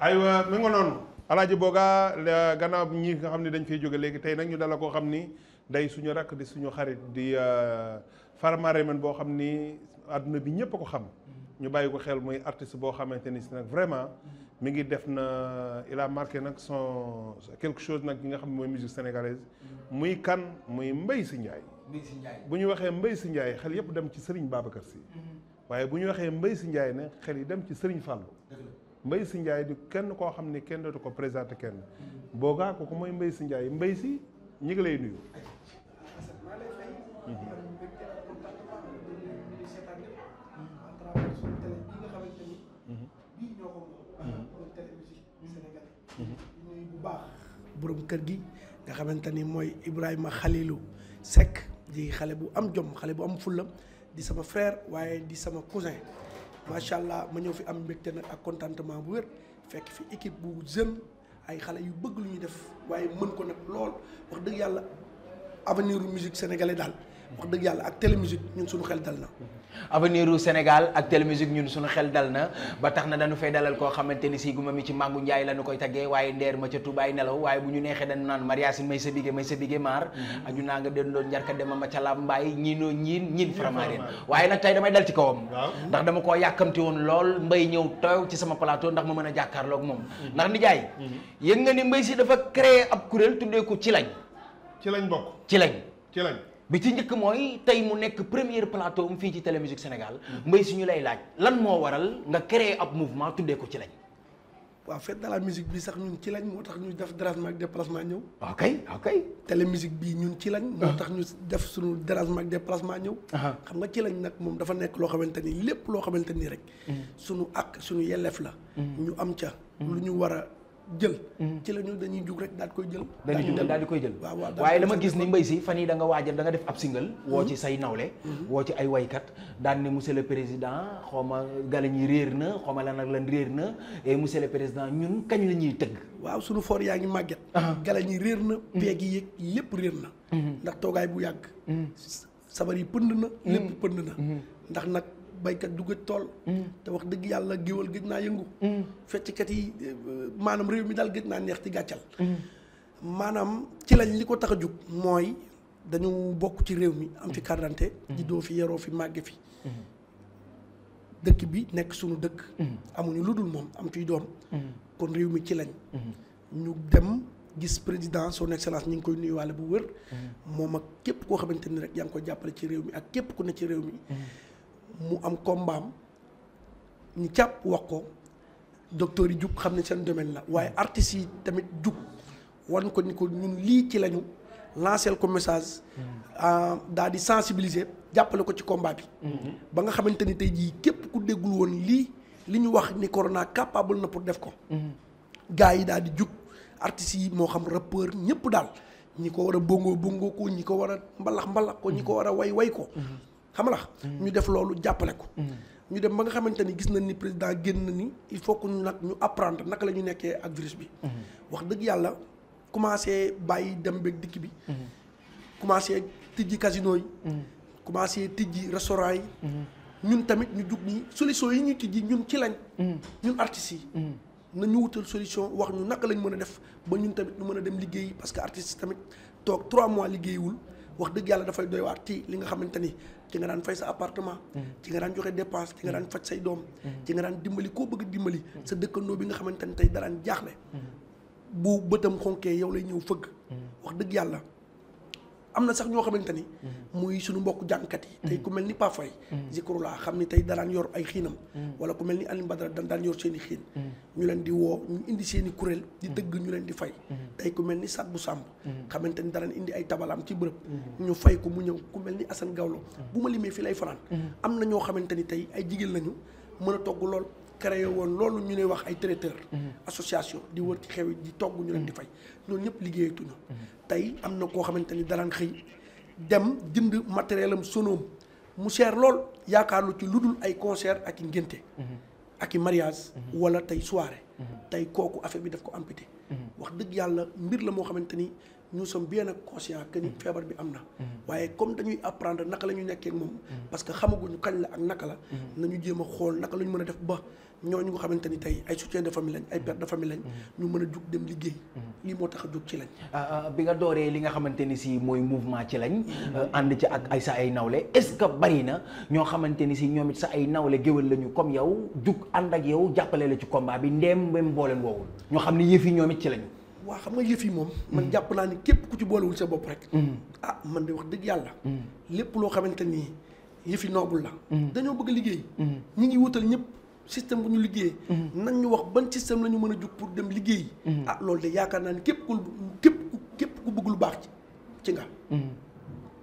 aywa mi ngi noonu alaaji booga la gannaaw ñi nga xam ne dañ fay jóge léegi tey nag ñu dala ko day suñu rakk di suñu xarit di euh, farmare man boo xam ni àdduna bi ñëpp ko xam ñu bàyyi xel muy artiste boo xamante ni si nag vraiment mi ngi def na il a marqué nag son quelque chose nak ki nga xam ne mooy musique sénégalaise muy kan muy mbay si njaay bu ñu waxee mbay si njaay xel yépp dem ci sëriñ babacar si mhm. waaye bu ñu waxee mbay si njaay ne xel yi dem ci sëriñ fàllu mbay Sy Ndiaye di kenn koo xam ne kenn dootu ko présenté kenn boogaa ko mooy Mbaye Sy Ndiaye Mbaye Sy ñi ngi lay nuyu. borom kër gi nga xamante ni mooy Ibrahima xalilu Seck di xale bu am jom xale bu am fulla di sama frère waaye di sama cousin macha allah ma ñëw fi am mbégte nag ak contentement bu wér fekk fi équipe bu jeune ay xale yu bëgg lu ñuy def waaye mën ko nag lool wax dëgg yàlla avenir musique sénégalais daal. wax dëgg yàlla ak télémusique ñun suñu xel dal na. avenir u ak télémusique ñun suñu xel dal na ba tax na dañu fay dalal koo xamante ni si guma mi ci màngu Njaay lañu koy taggee waaye ndeer ma ca tubaay nelaw waaye bu ñu neexee dañu naan mariasin may sa bigé may sa bigé maar mm-hmm. aju naa nga den doon njarka dema ma ca laab mbaay ñiinoo ñiin ñiin faramaareen waaye nag tey damay dal ci kawam ndax dama koo yàkkamti woon lool mbay ñëw teew ci sama plateau ndax ma mën a jàkkaarloog moom mm-hmm. ndax nijaay mm-hmm. yëg nga ni mbay si dafa créer ab kuréel tuddee ko ci lañ ci lañ bokk ci lañ ci bi ci njëkk mooy tey mu nekk première plateau am fii ci Télé Musique Sénégal mm. mbay si lay laaj lan moo waral nga créer ab mouvement tuddee ko ci lañ. waaw fête de la musique bi sax ñun ci lañ moo tax ñu def dérangement ak déplacement ñëw. ok ah, ok ah, télé musique bi ñun ci lañ. moo ah. tax ñu def suñu dérangement ak déplacement ñëw. xam nga ci lañ nag moom dafa nekk loo xamante ni lépp loo xamante ni rek. Mm. suñu ak suñu yelleef la. Mm. ñu am ca. lu ñu war jël mhm. ci la ñu dañuy jug rek daal koy jël dañuy jug daal koy jël waaye la ma gis mhm. ya. mhm. ni mbay si fan yii da nga waajal da nga def ab single woo ci say nawle woo ci ay waykat daan ne monsieur le président xooma gala ñi réer na xooma la nag lan réer na et monsieur le président ñun kañ la ñuy tëgg waaw sunu for yaa ngi màgget gala ñi réer na peeg yi yëg yëpp réer na ndax toogaay bu yàgg sabar yi pënd na lépp pënd na ndax nag baykat du tool. Mm. te wax dëgg yàlla géwal gëj naa yëngu. Mm. fecckat yi euh, maanaam réew mi daal gëj naa neex ci gàccal. Mm. maanaam ci lañ li ko tax a jug mooy dañu bokk ci réew mi am fi carte d'identité juddoo fi yaroo fi màgge fi. dëkk bi nekk suñu dëkk. amuñu lu dul moom am ciy doom. kon réew mi ci lañ. ñu dem gis président son excellence ñu ngi koy nuyuwaale bu wër. moom ak képp koo xamante ni rek yaa ngi koy jàppale ci réew mi ak képp ku ne ci réew mi. mu am kombaam ñu càpp wax ko docteur yi jug xam ne seen domaine la waaye artistes yi tamit jug wan ko ni ko ñun lii ci lañu lancel ko message mm-hmm. ah, daal di sensibiliser jàppale ko ci combat yi mm-hmm. ba nga xamante ni tey jii képp ku déggul woon lii li ñu wax ni corona capable na pour def ko mm-hmm. gars yi daal di jug artistes yi moo xam rappeur ñëpp daal ñi ko war a bongo bongo ko ñi ko war a mbalax mbalax ko ñi ko war a way way ko xam la ñu def loolu jàppale ko. Mm. ñu dem ba nga xamante ni gis nañ ni président génn na ni il faut que ñu nag ñu apprendre naka la ñu nekkee ak virus bi. Mm-hmm. wax dëgg yàlla commencé bàyyi dem beeg dikk bi. Mm-hmm. commencé tijji casino yi. Mm-hmm. commencé tijji restaurant yi. ñun tamit ñu jug nii solution yi ñuy tijji ñun ci lañ. ñun artistes yi. ñu wutal solution wax ñu naka lañ mën a def ba ñun tamit ñu mën a dem liggéey parce que artistes tamit toog 3 mois liggéeyiwul. wax deug yalla da fay doy wat ci li nga xamanteni ci nga dan fay sa appartement ci nga dan joxe dépense ci nga dan fajj say dom ci nga dan dimbali ko bëgg dimbali sa dekk no bi nga xamanteni tay da lan mm. bu bëttam xonké yow lay ñew fëgg mm. wax deug yalla amna sax ño xamanteni muy suñu mbokk jankat yi tay ku melni pafay zikrullah xamni tay da yor ay xinam wala ku melni ali badra da yor seen xin ñu len di wo ñu indi seen kurel di deug ñu len di fay tay ku melni sabu samb xamanteni da indi ay tabalam ci beurep ñu fay ko mu ñew ku melni asan gawlo buma limé fi lay fanan amna ño xamanteni tay ay jigel lañu mëna togg lool créé woon loolu ñu ne wax ay traiteur mhm. association di wër ci xew di togg ñu leen di mhm. fay ñooñu ñëpp liggéeyatuñu mhm. tey am na koo xamante ni daraan xëy dem jënd matériel am sonoom mu seer lool yaakaar lu ci lu dul ay concert ak i ngénte ak i mariage wala tey soirée tey kooku affaire bi daf ko amputé wax dëgg yàlla mbir la moo xamante ni nous sommes bien ak conscients que ni mm. feebar bi am na. Mm. waaye comme dañuy apprendre naka la ñu nekkee moom. Mm. parce que xamaguñu kañ la ak naka la. nañu jéem a xool naka la ñu mën a def ba ñooñu nga xamante ni tey ay soutien de famille lañ ay père de famille lañ. ñu mën a jug dem liggéey. lii moo tax a jug ci lañ. Ah, ah, bi nga dooree li nga xamante ni si mooy mouvement ci lañ. Euh, ànd ci ak ay sa ay nawle est-ce que bari na ñoo xamante ni si ñoom it sa ay nawle géwél lañu comme yow jug ànd ak yow jàppale la ci combat bi ndéem ba mboolem woowul ñoo xam ne yëf yi ñoom it ci lañu. waa xam nga yëf yi moom. Mm. man jàpp naa ni képp ku ci boolewul sa bopp rek. Mm. ah man de wax dëgg yàlla. Mm. lépp loo xamante ni yëf yi noobul la. dañoo bëgg liggéey. ñi ngi wutal ñëpp système bu ñu liggéeyee. nañ ñu wax ban système la ñu mën a jug pour dem liggéey. ah loolu de yaakaar naa ni képp ku képp képp ku bëgg lu baax ci ci nga.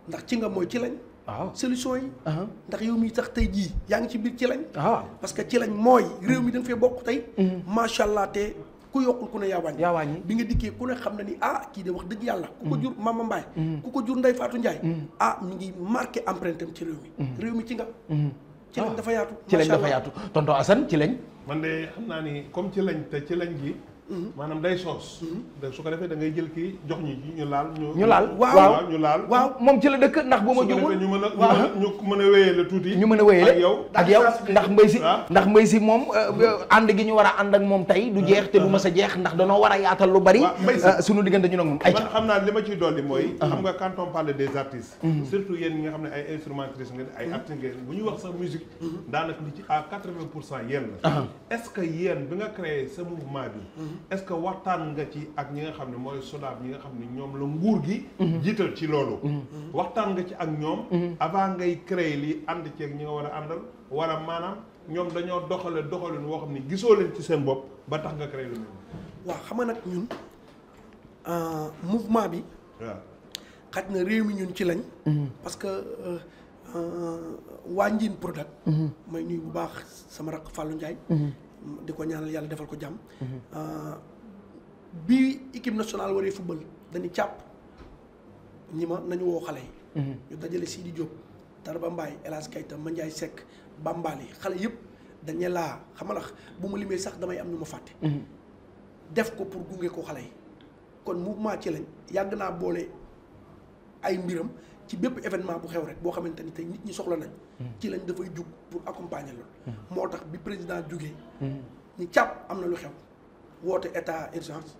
ndax ci nga mooy ci lañ. waaw solution yi. Uh-huh. ndax yow mii tax tey jii yaa ngi ci biir ci lañ. Ah. parce que ci lañ mooy réew mi dañ fee bokk tey. macha ku yokkul ku ne yaa wàññi yaa wàññi bi nga dikkee ku ne xam na ni ah kii de wax dëgg yàlla ku ko mm. jur Mama Mbaye mm. ku ko jur Ndeye Fatou Ndiaye mm. ah mi ngi marqué empreinte am ci réew mi réew mi ci nga ci lañ ah. dafa yaatu ci lañ dafa yaatu tonton Assane ci lañ man de xam naa ni comme ci lañ te ci lañ gi maanaam day soos. Mhm. su ko defee da ngay jël kii jox ñi ñu laal. ñu laal waaw ñu laal. waaw moom ci la dëkk ndax bu ma juumul ñu mën a ñu mën a wéyale tuuti. ñu mën a wéyale ak yow ak yow ndax mbay si. Ah. ndax mbay si moom euh, mm-hmm. ànd gi ñu war a ànd ak moom tey du ah. jeex te du ah. mës a jeex ndax danoo war a yaatal lu bari. Euh, suñu diggante ñu nag moom ay man xam naa li ma ciy dolli mooy. xam nga quand on parle des artistes. Mm-hmm. surtout yéen ñi nga xam ne ay instrumentistes ngeen ay mm-hmm. artistes ngeen bu ñu wax sa pour cent yéen la. est-ce que yéen bi nga créé bi est-ce que waxtaan nga ci ak ñi nga xam ne mooy SODAV ñi nga xam ne ñoom la nguur gi. Mhm. jiital ci loolu. Mhm. waxtaan nga ci ak ñoom. Mhm. avant ngay créer li ànd ceeg ñi nga war a àndal wala maanaam ñoom dañoo doxale doxalin woo xam ne gisoo leen ci seen bopp ba tax nga créer lu mel. waaw xam nga nag ñun euh, mouvement bi. waaw xaj na réew mi ñun ci lañ. parce que. Euh, euh, waa Njine Prodac. may nuyu bu baax sama rakk Fallou Ndiaye. di ko ñaanal yàlla defal ko jàmm mhm. euh, bi équipe nationale waree football dañu càpp ñi ma nañu woo xale yi. Mhm. ñu dajale Sidi Diop Tarba Mbaye El Hadj Keita Mandiaye Seck Bambali xale yëpp dañ ne laa xam bu ma limee sax damay am ñu ma mhm. def ko pour gunge ko xale kon mouvement ci lañ yàgg naa boole ay mbiram. ci bépp événement bu xew rek boo xamante ni tey nit ñi soxla nañ hmm. ci lañ dafay jug pour accompagner loolu hmm. moo tax bi président jugee ñu hmm. càpp am na lu xew woote état urgence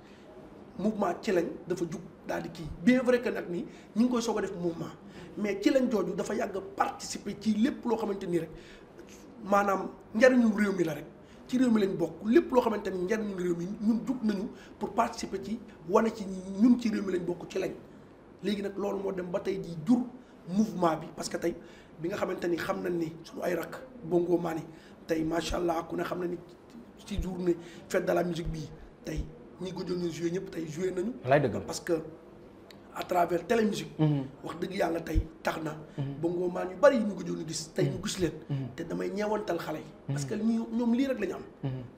mouvement ci lañ dafa jug daal di kii bien vrai que nag nii ñi ngi koy soog a def mouvement mais ci lañ jooju dafa yàgg participer ci lépp loo xamante nii rek maanaam njariñu réew mi la rek ci réew mi lañ bokk lépp loo xamante ni njariñu réew mi ñun jug nañu pour participer ci wane ci ñun ci réew mi lañ bokk ci lañ légui nak lool mo dem batay di jur mouvement bi parce que tay bi nga xamanteni xam ni sunu ay rak bongo mani tay machallah ku ne xam nañ ni ci ni fête de la musique bi tay ñi gudjon ñu jouer ñep tay jouer nañu parce que à travers télémusique mm-hmm. wax dëgg yàlla tey tax na mm-hmm. bongo maan yu bari yi ñu gëjoon ñu gis tey ñu gis leen mm-hmm. te damay ñeewantal xale yi parce que ñu ñoom lii rek la ñu am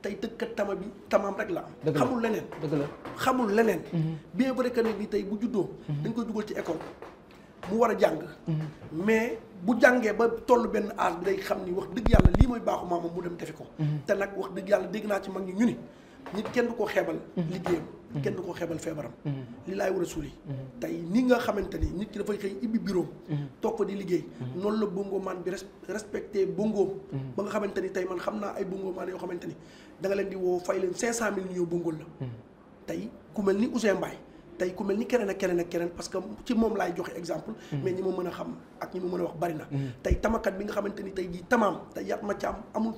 tey tëggkat tama bi tamaam rek la am xamul leneen xamul leneen bien vrai que ne bi tey bu juddoo dañ koy dugal ci école mu war a jàng mais bu jàngee ba toll benn âge bi day xam ni wax dëgg yàlla lii mooy baaxu maamam mu dem defi ko te nag wax dëgg yàlla dégg naa ci mag ñi ñu ni nit kenn du ko xeebal liggéeyam kenn du ko xeebal feebaram li laay war a suuli tey ni nga xamante ni nit ki dafa xëy ibbi bureau toog fa di liggéey noonu la bongo maan bi respecté bongoom ba nga xamante ni tey man xam naa ay bongo maan yoo xamante ni da leen di woo fay leen cinq cent mille ñu ñëw bongool la tey ku mel ni Ousseyn Mbaye tey ku mel ni keneen ak keneen ak keneen parce que ci moom laay joxe exemple mais ñi ma mën a xam ak ñi ma mën a wax bari na tey tamakat bi nga xamante ni tey jii tamaam tey yaat ma ci am amul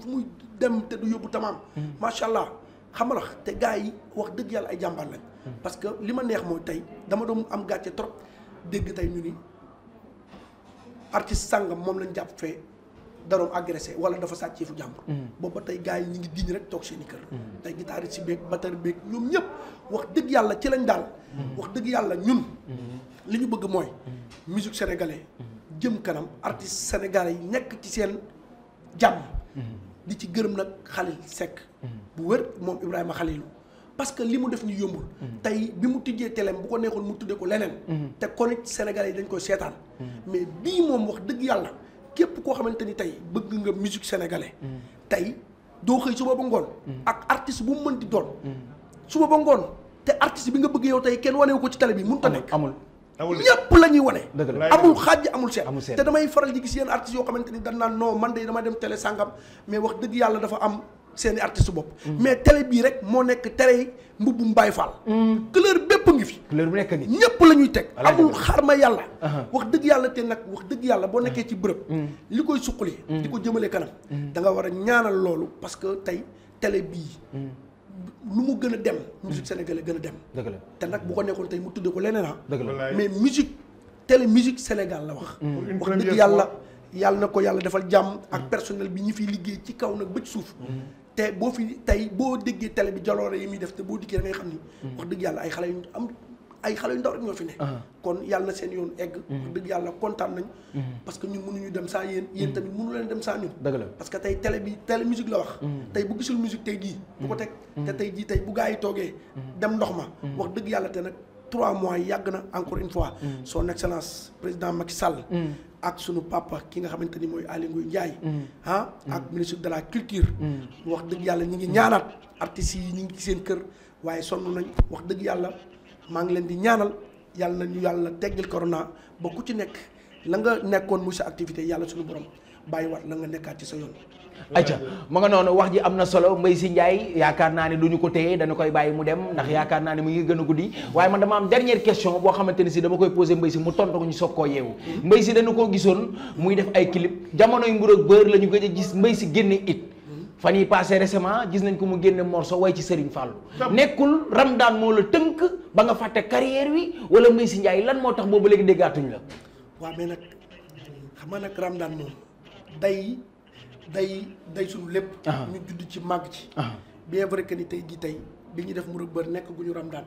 dem te du yóbbu tamaam macha allah xamal wax te gars yi wax dëgg yàlla ay jàmbaar lañ. parce que li ma neex mooy tey dama doon am gàcce trop dégg tey ñu ni artiste sàngam moom lañ jàpp fee daroom agressé wala dafa sàcc yëfu jàmbur. Mm. boobu ba tey gars yi ñu ngi diñ rek toog seen i kër. Mm. tey guitariste si beeg batteur beeg ñoom ñëpp wax dëgg yàlla ci lañ daal. Mm. wax dëgg yàlla ñun. li ñu bëgg mooy. musique sénégalais jëm kanam artiste sénégalais yi nekk ci seen jàmm. di ci gërëm nag Khalil Seck mm-hmm. bu wër moom Ibrahima Khalil parce que li mu def ñu yombul. Mm-hmm. tey bi mu tijjee teleem bu ko neexoon mu tuddee ko leneen. Mm-hmm. te kon it Sénégalais yi dañ koy seetaan. mais bii moom wax dëgg yàlla képp koo xamante ni tey bëgg nga musique sénégalais. tey doo xëy suba ba ngoon. ak artiste bu mu mënti doon. suba ba ngoon te artiste bi nga bëgg yow tey kenn wanewu ko ci télé bi mënut a nekk amul. ñëpp la ñuy wane amul xaaj amul seet te damay faral di gis seen artistes yoo xamante ni dañ naan non man de dama dem télé sàngam mais wax dëgg yàlla dafa am seeni artiste bopp mm. mais tele bii rek moo nekk télé yi mbubbum Mbaye Fall mm. couleur bépp ngi fi couleur bu nekk ngi ñëpp la ñuy teg amul xar ma yàlla wax dëgg yàlla te nag wax dëgg yàlla boo nekkee ci bërëb mm. li koy suqali di ko jëmale kanam da nga war a ñaanal loolu parce que tey tele bii lu mu gën dem. musique sénégalaise gën dem. Deug la te nag bu ko nekkoon tey mu tuddee ko leneen ah. mais musique télé musique Sénégal la wax. Mm. wax dëgg yàlla yalla na ko yàlla defal jam ak mm. personnel bi ñi fi liggé ci kaw nak ba suuf. Mm. Té bo fi tay bo déggé télé bi jaloore yi mi def té bo dikkee da ngay xamni wax dëgg yalla ay xalé yu am ay xale yu ndaw rek ñoo fi ne. kon yàlla na seen yoon egg. Mhm. wax dëgg yàlla kontaan nañ. Mhm. parce que ñun mënuñu dem saa yéen yéen mhm. tamit mënu leen dem saa ñun. dëgg la parce que tey télé bi télé musique la wax. tey bu gisul musique tey jii. bu ko teg te tey jii tey bu gaa yi toogee. dem ndox ma. wax dëgg yàlla te nag trois mois yàgg na encore une fois. son excellence président Macky Sall. ak sunu papa ki nga xamante ni mooy Aly Ngouille Ndiaye. ah ak ministre de la culture. wax dëgg yàlla ñi ngi ñaanaat artistes yi ngi ci seen kër waaye sonn nañ wax dëgg yàlla. maa ngi leen di ñaanal yàlla ñu yàlla teggil corona ba ku ci nekk la nga nekkoon muy sa activité yàlla suñu borom bàyyiwaat la nga nekkaat ci sa yoon. acca ma nga noonu wax ji am na solo mbay si Ndiaye yaakaar naa ne du ñu ko téye dañu koy bàyyi mu dem ndax yaakaar naa ne mu ngi gën a guddi waaye man dama am dernière question boo xamante ne si dama koy posé Mbaye Sy mu tontu ko ñu soog koo yeewu. mbay si dañu ko gisoon muy def ay clip jamonoy mburu ak beurre la ñu gëj a gis Mbaye Sy génne it. fan yi passé récemment gis nañ ko mu génne morceau way ci Serigne Fallou nekkul Ramdan moo la tënk ba nga fàtte carrière wi wala Meysi Ndiaye lan moo tax boobu léegi déggaatuñ la waa mais nag xam nga nag Ramdan moom day day day suñu lépp ñu judd ci màgg ci bien vrai que ni tey jii tey bi ñu def mu rëbbër nekk gu ñu Ramdan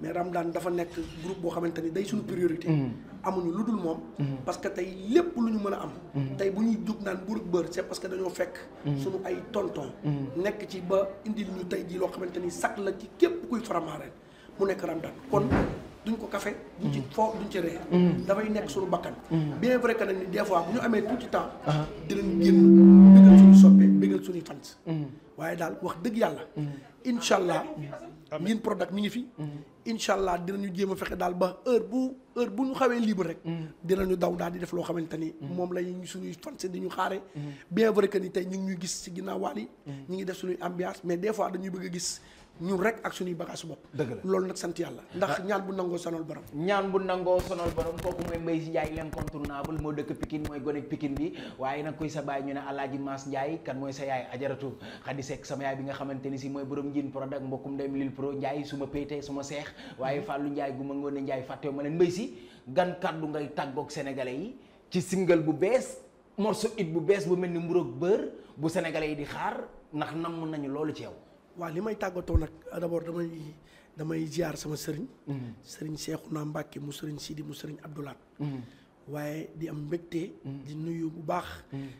mais Ramdan dafa nekk groupe boo xamante ni day suñu priorité mhm. amuñu lu dul moom. Mhm. parce que tey lépp lu ñu mën a am. Mhm. tey bu ñuy jug naan buur bër c'est parce que dañoo fekk. Mhm. suñu ay tonton. nekk ci ba indi ñu tey jii loo xamante ni sax la ci képp kuy faramaareen mu nekk ramdan kon duñ ko kafe duñ ci foo duñ ci ree dafay nekk suñu bakkan. bien vrai que nag ni bu ñu amee tuuti temps. Uh-huh. dinañ génn. bégal suñuy fans waaye daal wax dëgg yàlla incha allah ngeen product mi ngi fi incha allah dinañu jéem a fexe daal ba heure bu heure bu ñu xawee libre rek dinañu daw daal di def loo xamante ni moom lay suñuy fans di ñu xaare bien vrai que ni tey ñu ngi ñuy gis ci ginnaaw waal yi ñu ngi def suñuy ambiance mais des dañuy bëgg a gis ñun rek action yi bagage bop deug la lolou nak sante yalla ndax ah. ñaan bu nango sonol borom ñaan bu nango sonol borom koku moy mbey ci jaay l'incontournable mo deuk nak kuy sa bay kan moy sa yaay adjaratu hadisek sama yaay bi nga xamanteni ci moy borom jinn pro dak mbokum pro jaay suma pété suma cheikh waye fallu jaay gu ma ngone jaay fatte gan kaddu ngay tagok sénégalais yi ci single bu bes morceau bes bu melni mburok beur bu sénégalais yi di xaar ndax waaw li may tàggatoo nag d'abord damay damay ziar sama sëriñ. Mhm. sëriñ Cheikhouna Mbacké mu sëriñ Sidi mu sëriñ Abdoulaat. Mhm. waaye di am mbégte. Mhm. di nuyu bu baax.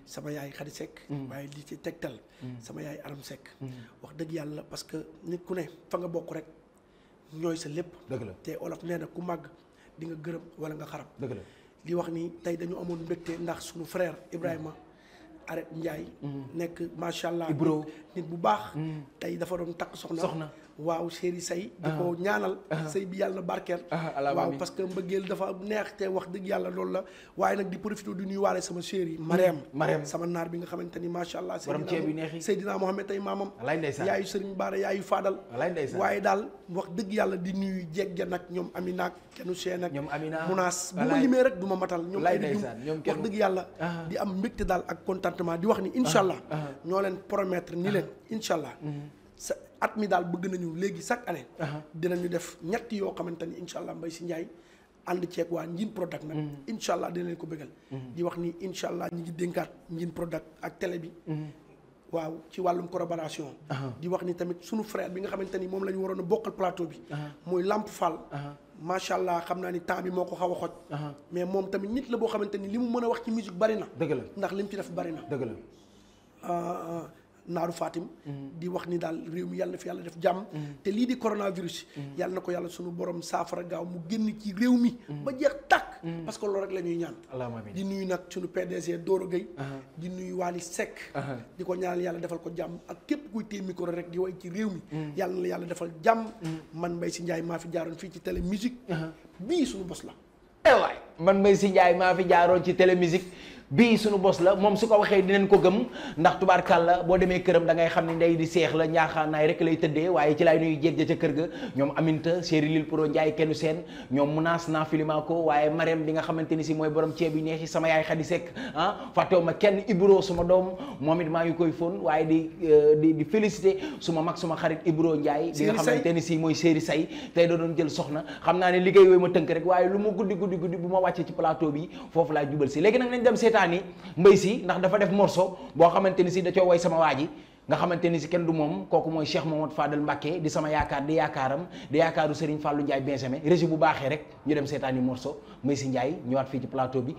sama yaay Khady Seck. waaye di ci tegtal. sama yaay Aram Seck. wax dëgg yàlla parce que nit ku ne fa nga bokk rek ñooy sa lépp. dëgg la te olof nee na ku màgg di nga gërëm wala nga xarab. dëgg di wax nii tey dañu amoon mbégte ndax suñu frère Ibrahima. Arrête Ndiaye. Mm-hmm. nekk macha allah. nit bu baax. Mm-hmm. tey dafa doon takk soxna. waaw chéri say di ko ah. ñaanal ah. say bi yàlla na barkeel ah, waaw parce que mbëggeel dafa neex te wax dëgg yàlla loolu la waaye nag di profité du nuy waale sama chéri hmm, Marème Marème sama naar bi nga xamante ni macha allah Seydina Mohamed tey maamam yaayu Serigne Bara yaayu Fadal waaye daal wax dëgg yàlla di nuyu jegge nag ñoom Amina ak kenu Seen ak Munaas bu ma limee rek du ma matal ñoom ay di wax dëgg yàlla di am mbégte daal ak contentement di wax ni incha allah ñoo leen promettre ni leen incha allah mm-hmm. at mi daal bëgg nañu léegi chaque année. dinañu def ñett yoo xamante na incha allah Mbaye Sy Ndiaye ànd ceeg waa Ngin Prodac nag. Mhm. incha allah dina leen ko bëggal. Mhm. di wax ni incha allah ñu ngi dénkaat Ngin Prodac mhm. waaw ci wàllum collaboration. di wax ni tamit sunu frère bi nga xamante ni moom la ñu waroon a bokkal plateau bi. mooy Lamp Fall. macha allah xam naa ni temps bi moo ko xaw a xoj. mais moom tamit nit la boo xamante ni li mu mën a wax ci musique bari na. dëgg la ndax li mu ci def bari na. dëgg la. Euh, euh, naaru Fatim. Mm-hmm. di wax ni daal réew mi yàlla na fi yàlla def jàmm. Mm-hmm. te lii di coronavirus. Mm-hmm. yàlla na ko yàlla sunu borom saafara gaaw mu génn ci réew mi. ba jeex tàkk. parce que loolu rek la ñuy ñaan. di nuyu nag sunu PDG Doro Gueye. Uh-huh. di nuyu Waly Seck. Uh-huh. di ko ñaanal yàlla defal ko jàmm ak képp kuy téye micro rek di way ci réew mi. yàlla na yàlla defal jàmm. man Mbaye Sy Ndiaye maa fi jaaroon fii ci télé musique. Uh-huh. bii suñu bos la. eh waay man Mbaye Sy Ndiaye maa fi jaaroon ci télé bii suñu bos la moom su ko waxee dinañ ko gëm ndax la boo demee këram da ngay xam ne ndey di seex la njaaxaanaay rek lay tëddee waaye ci laay nuyu jeeg ja ca kër ga ñoom aminta séeri lil pro njaay kennu seen ñoom ko waaye marem bi nga xamante ni si mooy borom ceeb yi neex yi sama yaay xadi sekk ah fàttewu ma kenn ibro suma doom moom maa ngi koy fon waaye di euh, di di félicité suma mag suma xarit ibro njaay bi nga xamante ni si mooy séeri say tey doo doon jël soxna xam naa ne liggéey wooyu ma tënk rek waaye lu mu guddi guddi guddi bu ma wàccee ci plateau bi foofu laa jubal si léegi nag nañ dem seetaan seetaani mbay si ndax dafa def morso boo xamante ni si da coo way sama waa ji nga xamante ni si kenn du moom kooku mooy Cheikh Mamadou Fadel Mbacké di sama yaakaar di yaakaaram di yaakaaru Serigne Fallou Ndiaye Benjamin régie bu baaxee rek ñu dem seetaani morceau mbay si Ndiaye ñëwaat fii ci plateau bi